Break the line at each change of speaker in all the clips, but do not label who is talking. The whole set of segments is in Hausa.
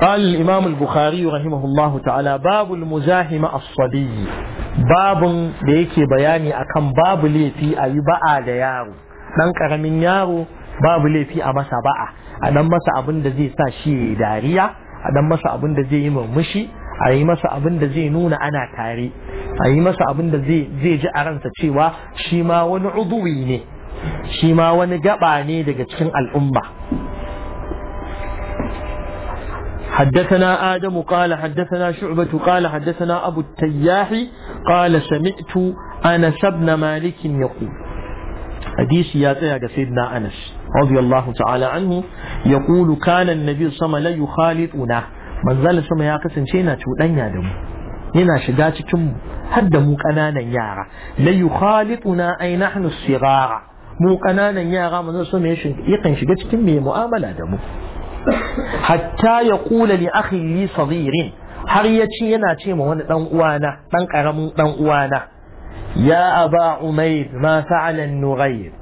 قال الإمام البخاري رحمه الله تعالى باب المزاحم الصبي باب ديك بياني أكم باب لي في أي باء ديارو ننكر من يارو باب لي في أمس باء أنا مس أبن دزي ساشي داريا أنا مس أبن دزي ممشي a yi masa abin da zai nuna ana tare a yi masa abin da zai ji a ransa cewa shi ma wani uduwi ne shi ma wani gaba ne daga cikin al'umma حدثنا آدم قال حدثنا شعبة قال حدثنا أبو التياح قال سمعت أنس بن مالك يقول حديث يا سيدنا أنس رضي الله تعالى عنه يقول كان النبي صلى الله عليه وسلم يخالطنا من ذلك سما يا قسم شينا تودن يا دم yana shiga cikin hadda mu ƙananan yara la yukhalituna ay nahnu sigara mu ƙananan yara manzo so me yakan shiga cikin mai mu'amala da mu hatta ya kula li akhi li sadirin har ya ci yana ce ma wani dan uwana dan karamin dan uwana ya aba ma fa'ala an-nughayr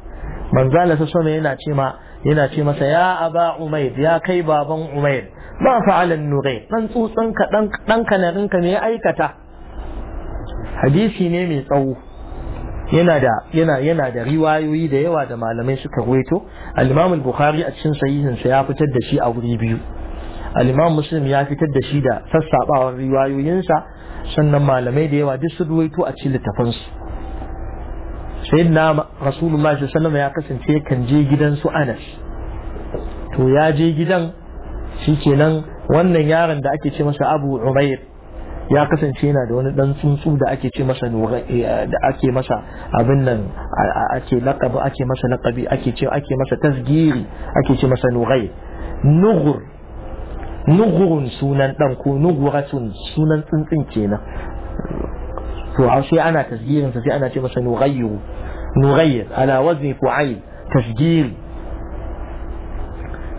manzala sa sama yana ce ma yana ce masa ya aba umair ya kai baban umair ma fa'ala nurai nughayr dan tsutsan ka dan me ya aikata hadisi ne mai tsawo yana da yana yana da riwayoyi da yawa da malamai suka ruwaito al-Imam al-Bukhari a cikin sahihin sa ya fitar da shi a wuri biyu al-Imam Muslim ya fitar da shi da sassabawar riwayoyinsa sannan malamai da yawa duk su ruwaito a cikin littafin su sayyidina rasulullahi sallallahu ya kasance kan je gidan su Anas to ya je gidan shikenan wannan yaron da ake ce masa Abu Umair ya kasance yana da wani dan tsuntsu da ake ce masa da ake masa abin nan ake laqabi ake masa laqabi ake ce ake masa tasgiri ake ce masa nughai nughur nughurun sunan dan ko nughuratun sunan tsuntsun kenan to a sai ana tasgirin sa sai ana ce masa nughayyu nughayy ala wazni fu'ail tasgiri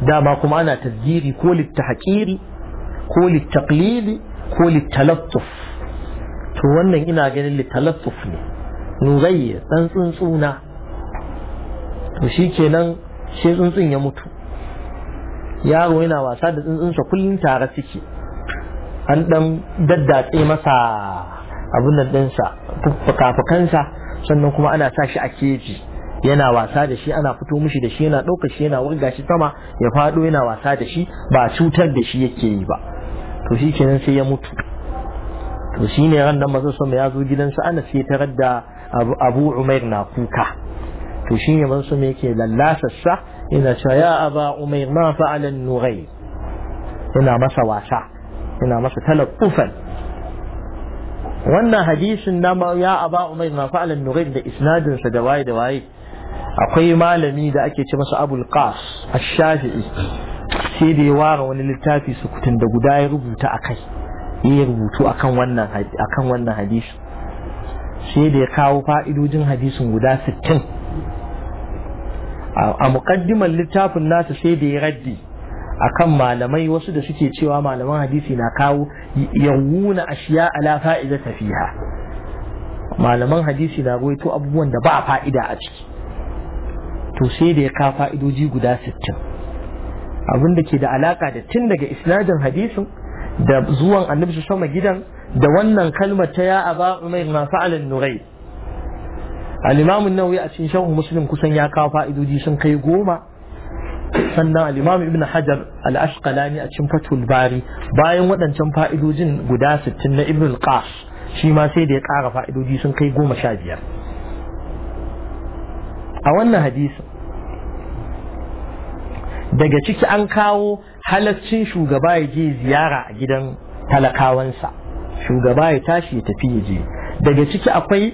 dama kuma ana tasgiri ko littahqiri ko littaqlidi ko littalattuf to wannan ina ganin littalattuf ne nuzayya ɗan tsuntsuna to shi kenan sai tsuntsun ya mutu yaro yana wasa da tsuntsunsa kullum tare suke an ɗan daddatse masa abin nan ɗinsa fukafukansa sannan kuma ana sa shi a keji yana wasa da shi ana fito mushi da shi yana ɗauka shi yana wurga shi sama ya faɗo yana wasa da shi ba cutar da shi yake yi ba to shi kenan sai ya mutu to shi ne ran nan mazan sama ya zo gidansa ana sai tarar da abu umair na kuka to shi ne mazan sama yake lallasarsa yana cewa ya aba umair ma fa'alan nurai Ina masa wasa ina masa talaqqufan wannan hadisin na ya aba umair ma fa'alan nurai da isnadinsa da waye da waye akwai malami da ake ce masa abul qas ash-shafi'i sai da ya ware wani littafi su kutun da guda ya rubuta a kai ya rubutu a wannan wannan hadisu. sai da ya kawo fa'idojin hadisun guda sittin. a mukaddimar littafin nasa sai da ya raddi kan malamai wasu da suke cewa malaman hadisi na kawo yawuna ashiya ala fa'iza tafiha malaman hadisi na ruwaito abubuwan da ba a fa'ida a ciki to sai da ya kawo fa'idoji guda sittin. abin da ke da alaka da tun daga isnadin hadisin da zuwan annabi sama gidan da wannan kalmar ta ya aba umair ma fa'alan nurai Alimamin imam a cikin sharh musulun kusan ya kawo fa'idoji sun kai goma sannan alimamin ibn hajar al ashqalani a cikin fatul bari bayan waɗancan fa'idojin guda sittin na ibn al-qas shi ma sai da ya ƙara fa'idodi sun kai goma sha biyar a wannan hadisin daga ciki an kawo halaccin shugaba ya je ziyara a gidan talakawansa shugaba ya tashi ya tafi ya je daga ciki akwai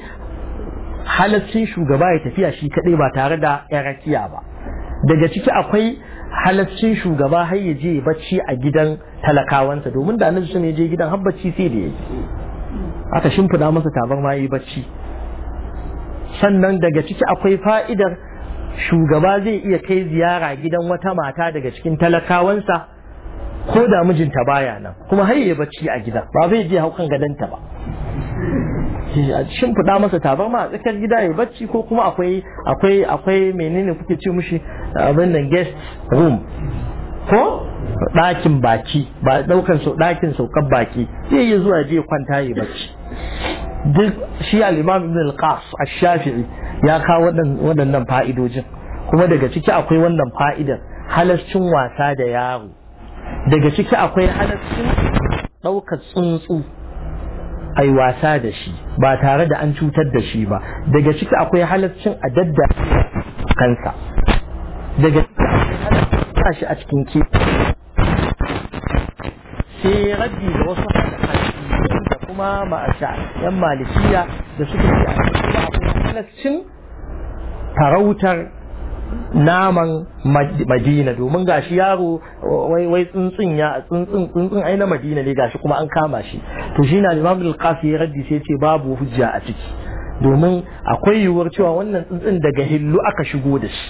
halaccin shugaba ya tafiya shi kadai ba tare da yarakiya ba daga ciki akwai halaccin shugaba har ya je bacci a gidan talakawansa domin da annabi sun je gidan har bacci sai da yake aka shimfida masa tabar ma yi bacci sannan daga ciki akwai fa'idar shugaba zai iya kai ziyara gidan wata mata daga cikin talakawansa ko da mijinta baya nan kuma har ya bacci a gida ba zai je haukan gadanta ba shimfiɗa masa tabarma a tsakar gida ya bacci ko kuma akwai akwai akwai menene kuke ce mushi abin nan guest room ko ɗakin baki ba ɗaukan so ɗakin saukan baki zai iya zuwa je kwanta ya bacci duk shi al-imam ibn al-qas ash-shafi'i ya kawo waɗannan fa'idojin kuma daga ciki akwai wannan fa'idar halascin wasa da yaro daga ciki akwai halascin ɗaukar tsuntsu ai wasa da shi ba tare da an cutar da shi ba daga ciki akwai halascin a dadda kansa daga ciki akwai shi a cikin ke sai rabbi da wasu da kuma ma'asha yan malikiya da suka yi a cikin halascin farautar naman madina domin gashi yaro wai tsuntsun ya tsuntsun tsuntsun ai na madina ne gashi kuma an kama shi to shi na imam al ya raddi sai ce babu hujja a ciki domin akwai yiwuwar cewa wannan tsuntsun daga hillu aka shigo da shi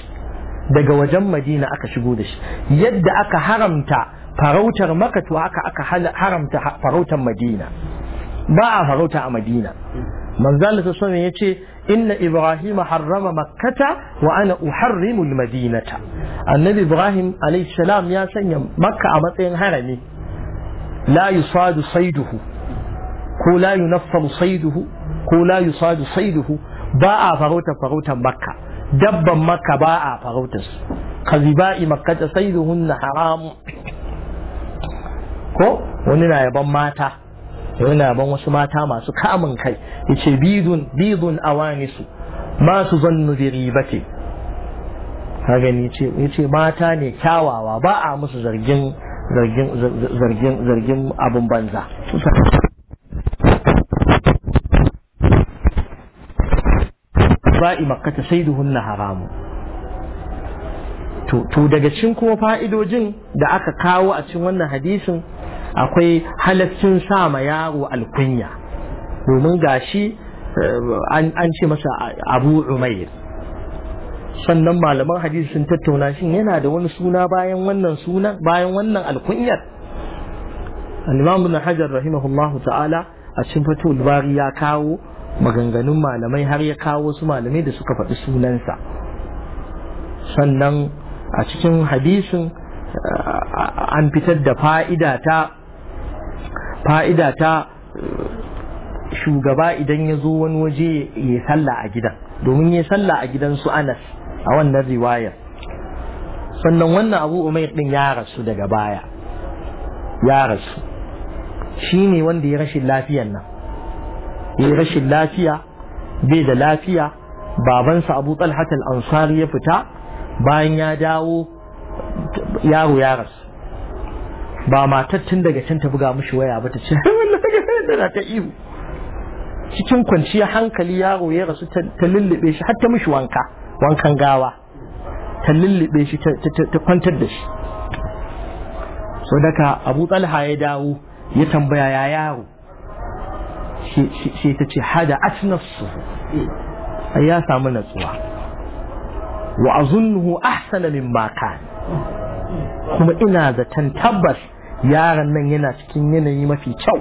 daga wajen madina aka shigo da shi yadda aka haramta farautar maka to aka haramta farautar madina ba a farauta a madina manzal sa ya ce, inna ibrahim harrama makkata wa ana uharrimu madinata. annabi ibrahim alayhi salam ya sanya makka a matsayin harami la yusadu saiduhu ko la yunaffalu saiduhu ko la yusadu saiduhu ba a farautar farautar makka dabban makka ba a farautar su kaziba'i makkata na haramu ko wani na yaban mata yana ban wasu mata masu kamun kai ce bidun bidun awanisu nisu masu zannu bi ribati ka gani yace mata ne kyawawa ba a musu zargin zargin zargin zargin abun banza sai da saiduhunna haramu to daga cikin kuma fa'idojin da aka kawo a cikin wannan hadisin akwai halaccin sa ma yaro alkunya domin gashi eh, an ce masa abu umair sannan malaman hadisi sun tattauna shin yana da wani suna bayan wannan suna bayan wannan alkunyar al-imam ibn hajar rahimahullahu ta'ala a cikin fatul bari ya kawo maganganun malamai har ya kawo su malamai da suka faɗi sunansa sannan a cikin hadisin eh, an fitar da fa'ida ta fa'ida ta eh, shugaba idan ya zo wani waje ya sallah a gidan domin ya sallah a gidan su anas a wannan riwayar sannan wannan abu umair din ya rasu daga baya ya rasu shi ne wanda ya rashin lafiyan nan ya rashin lafiya bai da lafiya babansa abu talhat ansari ya fita bayan ya dawo yaro ya rasu ba matar tun daga can ta buga mishi waya ba ta ce tana ta ihu cikin kwanciya hankali yaro ya rasu ta lullube shi har ta mishi wanka wankan gawa ta lullube shi ta kwantar da shi Sadaka abu talha ya dawo ya tambaya ya yaro sai ta ce hada atnafsu ya samu natsuwa wa azunnuhu ahsana ma kana kuma ina zaton tabbas yaron nan yana cikin yanayi mafi kyau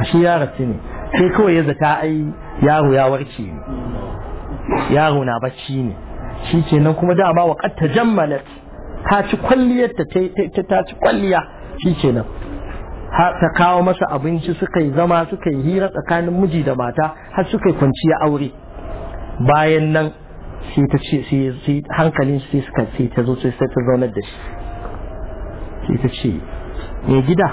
a shi yaron su ne sai kawai ya zata ai yaro ya warke ne yaro na bacci ne shi ke nan kuma dama wa kad tajammalat ta ci kwalliyar ta ta ta ci kwalliya shi ke nan ta kawo masa abinci suka yi zama suka yi hira tsakanin miji da mata har suka yi kwanciya aure bayan nan shi ta ce sai hankalin shi suka ce ta zo sai ta zaunar da shi shi ta ce mai gida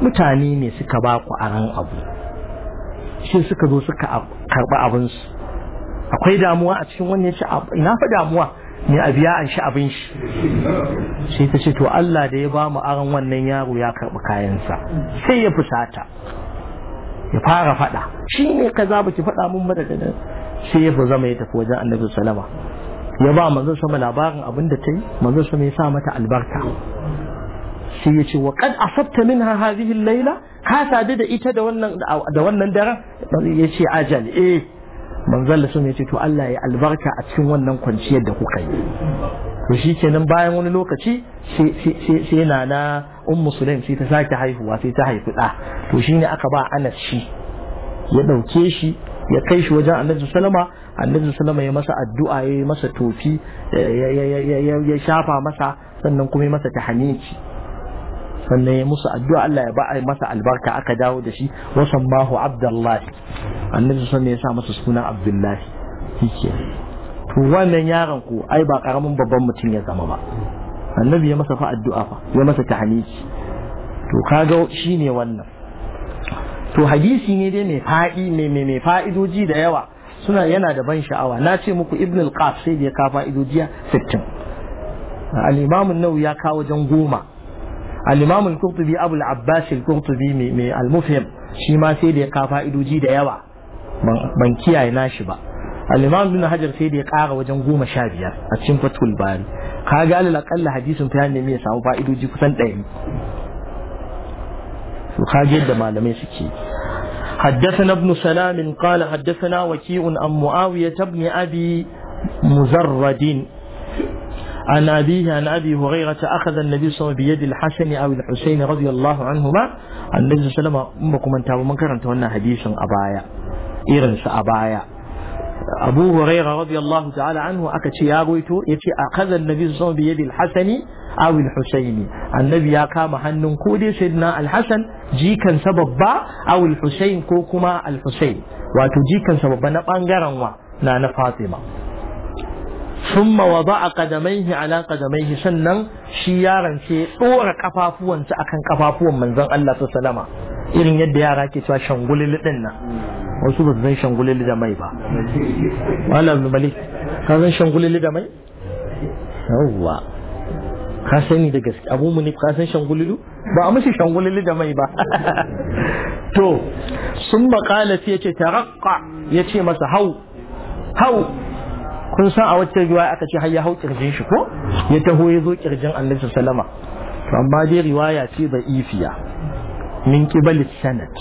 mutane ne suka ba ku aran abu shi suka zo suka karɓi abinsu akwai damuwa a cikin wani ya ce na fa damuwa ne a biya an shi abin shi shi ta ce to Allah da ya ba mu aran wannan yaro ya karɓi kayansa sai ya fusata ya fara faɗa shi ne ka za ba ki faɗa mun ba daga sai ya fi zama ya tafi wajen annabi salama ya ba manzon sama labarin abin da ta yi manzon sama ya sa mata albarka sai ya ce wa kad asabta min ha laila ka sadu da ita da wannan da wannan daren ya ce ajal eh manzon sama ya ce to Allah ya albarka a cikin wannan kwanciyar da kuka yi to kenan bayan wani lokaci sai na na ummu sulaim sai ta sake haihuwa sai ta haifi da to shine aka ba Anas shi ya ɗauke shi ya kai shi wajen annabi sallama annabi sallama ya masa addu'a ya masa tofi ya shafa masa sannan kuma ya masa tahaniki sannan ya musu addu'a Allah ya ba a masa albarka aka dawo da shi wasan mahu abdullahi annabi sallama ya sa masa suna abdullahi shike to wannan yaron ko ai ba karamin babban mutum ya zama ba annabi ya masa fa addu'a fa ya masa tahaniki to kaga shine wannan to hadisi ne dai mai fa'i mai mai fa'idoji da yawa suna yana da ban sha'awa na ce muku ibn al-qaf sai da ya ka fa'idoji 60 al-imam an-nawawi ya kawo wajen goma al-imam al-qurtubi abu al-abbas al-qurtubi mai al-mufhim shi ma sai da ya ka fa'idoji da yawa ban kiyaye nashi ba al-imam ibn hajar sai da ya kara wajen goma sha biyar a cikin fatul bari kaga alal aqalla hadisin ta ne mai samu fa'idoji kusan 100 kaji yadda malamai suke حدثنا ابن سلام قال حدثنا وكيء عن معاوية بن أبي مزرد عن أبيه عن أبي هريرة أخذ النبي صلى الله عليه وسلم بيد الحسن أو الحسين رضي الله عنهما النبي صلى الله عليه وسلم أمكم أنت ومن كرنت هنا حديث أبايا إيرنس أبايا أبو هريرة رضي الله تعالى عنه أكتشي ياغويتو يتي أخذ النبي صلى الله عليه وسلم بيد الحسن Awil al annabi ya kama hannun ko dai sayyidina al-hasan jikan sa babba aw al ko kuma al wato jikan sa babba na bangaren wa na na fatima ثم وضع قدميه على qadamaihi sannan shi yaron ce dora kafafuwansa akan kafafuwan manzon Allah sallallahu alaihi wasallama irin yadda yara ke cewa shangulil din nan wasu ba su san shangulil da mai ba wala ibn malik ka san shangulil da mai yawwa ka sani da gaske abu mu ka san shangululu ba a mashi shangululu da mai ba to sun makala ya ce tarakka ya ce masa hau hau kun san a wacce riwaya aka ce har ya hau kirjin shi ko ya taho ya zo kirjin annabi sallama to amma dai riwaya ce da ifiya min kibalit sanad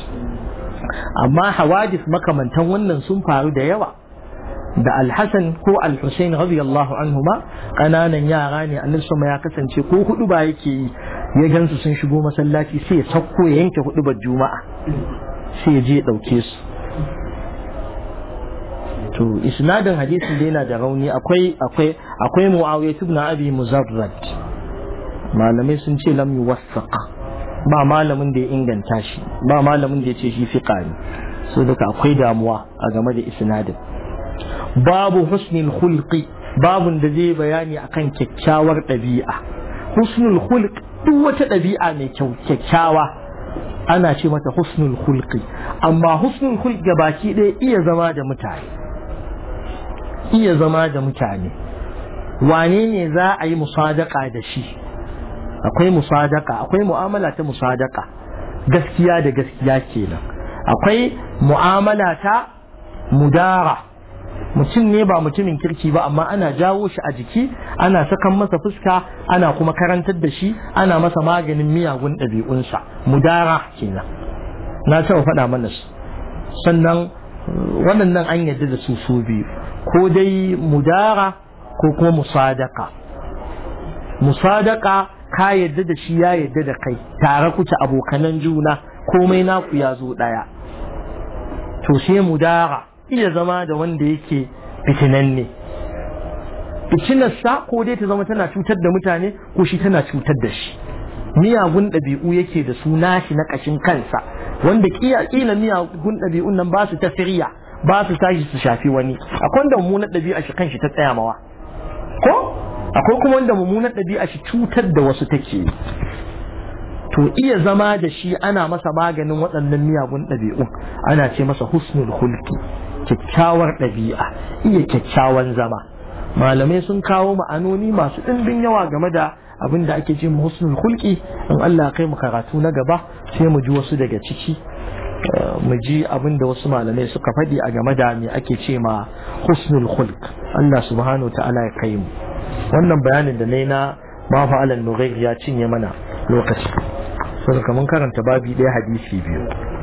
amma hawadis makamantan wannan sun faru da yawa da alhassan ko alhussein radiyallahu ba ƙananan yara ne a sama ya kasance ko hudu ba yake yi ya gansu sun shigo masallaci sai ya sauko ya yanke hudu ba juma'a sai ya je ya ɗauke su to isnadin hadisin da yana da rauni akwai akwai akwai muawiya ibn abi muzarrad malamai sun ce lam yuwaffaq ba malamin da ya inganta shi ba malamin da ya ce shi fiqa ne so duka akwai damuwa a game da isnadin babu husnul khulqi babun da zai bayani akan kyakkyawar ɗabi'a husnul khulq duk wata ɗabi'a mai kyau, kyakkyawa ana ce mata husnul khulqi amma husnul khulq baki ɗaya iya zama da mutane iya zama da mutane wane ne za a yi musadaka da shi akwai musadaka akwai mu'amala ta musadaka gaskiya da gaskiya kenan akwai mu'amala ta mudara mutum ne ba mutumin kirki ba amma ana jawo shi a jiki ana sakan masa fuska ana kuma karantar da shi ana masa maganin miyagun ɗabi'unsa mudara kenan na taɓa faɗa mana su sannan waɗannan an yadda da su su biyu ko dai mudara ko kuma musadaka musadaka ka yadda da shi ya yadda da kai tare kuce abokanan juna komai naku ya zo ɗaya to sai mudara iya zama da wanda yake fitinanne sa ko dai ta zama tana cutar da mutane ko shi tana cutar da shi miyagun ɗabi'u yake da su nashi na ƙashin kansa wanda ƙila miyagun ɗabi'un nan ba su tasiriya ba su tashi su shafi wani akwai wanda mummunar ɗabi'a shi kanshi ta tsaya mawa ko akwai kuma wanda mummunar ɗabi'a shi cutar da wasu take to iya zama da shi ana masa maganin waɗannan miyagun ɗabi'u ana ce masa husnul hulki kyakkyawar ɗabi'a iya kyakkyawan zama malamai sun kawo ma'anoni masu ɗimbin yawa game da abin da ake ce husnul hulki in Allah kai mu karatu na gaba sai mu ji wasu daga ciki eh, mu ji abin da wasu malamai suka faɗi a game da me ake ce ma husnul hulk Allah subhanahu wa ta'ala ya kai mu wannan bayanin da nayi na ma fa'alan nughair ya cinye mana lokaci mun karanta babi ɗaya hadisi biyu